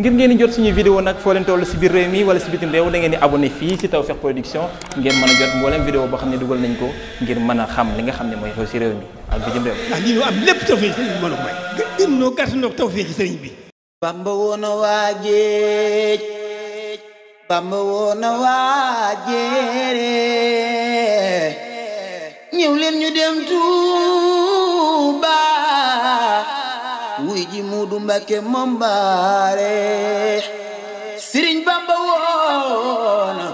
ngir ngeen di jot suñu vidéo nag foo leen toll si biir réew mi wala si bitim réew da ngeen di abonné fii si Tawfekh Production ngeen mën a jot mboolem vidéo boo xam ne dugal nañ ko ngir mën a xam li nga xam ne mooy xew si réew mi ak bitim réew. ndax lii ñu am lépp tawfeex sëriñ bi a may. gën noo gàtt noo tawfeex sëriñ bi. Bamba woon a waajeej Bamba woon a waajeere ñëw leen ñu dem tuuti. wuy ji muudu mbàkke moom baare sëriñ bamba woona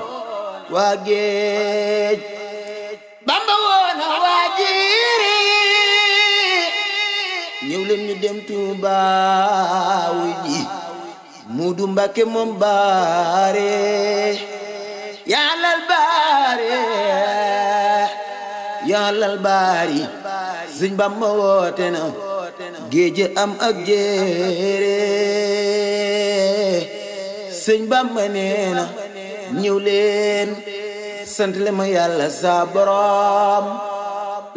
waa bamba woona waa jiiri ñëw ñu dem tuuba wuy ji muudu moom baare yàllal baare yàllal baari sëñ Bamba woote na géej am ak jéere sëñ Bamba nee na ñëw leen sant le ma yàlla saa boroom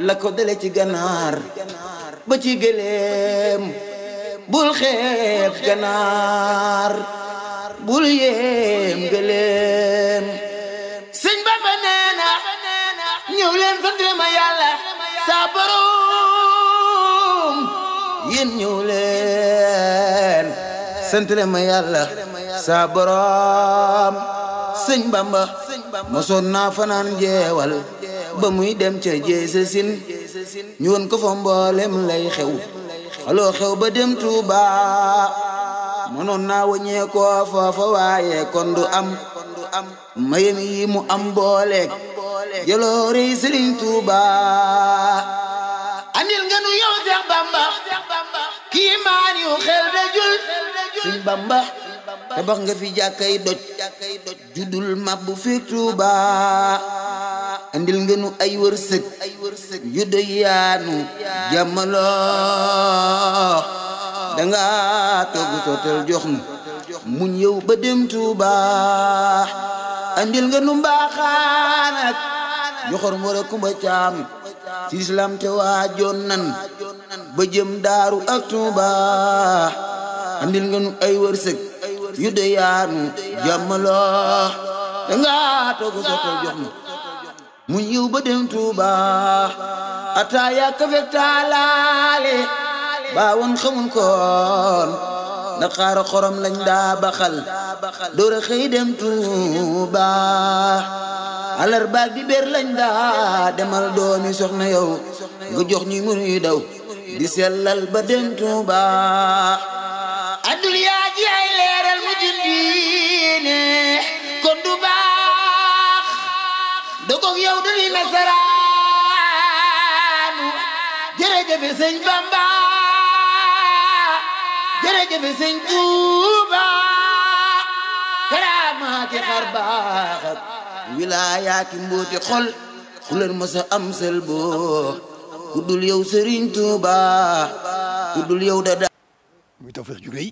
la ko dale ci ganaar ba ci gëléem bul xeeb ganaar bul yéem gëléem sëñ Bamba nee na ñëw leen sant le ma yàlla saa boroom yéen ñëw leen sant ma yàlla saa boroom sëñ bamba mosoon naa fanaan jeewal ba muy dem ca jeesa sin ñu woon ko fa mboolem lay xew xaloo xew ba dem Tuuba mënoon naa waññee koo foofa waaye kon am mayem mu am booleeg jaloori Sëriñ Tuuba Bamba tabax nga fi jàkkay doj judul mabbu fi Tuuba andil nga nu ay wërsëg yu doy yaanu danga togg sootal jox nu muñ yow ba dem Tuuba nga nu mbaaxaan ak joxor a kumba caam ci islam te waajoon nan ba daaru ak Tuuba andil nga nu ay wërsëg yu de yaanu jàmm loo da jox nu mu ñëw ba dem Tuuba ataaya kafe taalaale baawoon xamul koon ndax xaara xorom lañ daa baxal door a xëy dem Tuuba alarba ak dibéer lañ daa demal doomi soxna yow nga jox ñi mënuy daw di sellal ba dem Tuuba duniyaa ji ay leeral mu jundiine kon du baax dogoog yow du li nasaraanu jërëjëf sëñ Bamba jërëjëf sëñ Tuuba karaamaati xar baax ak wilaayaati mbooti xol ku leen mës a am sel boo ku dul yow Sëriñ Tuuba ku dul yow da muy Tawfekh jugee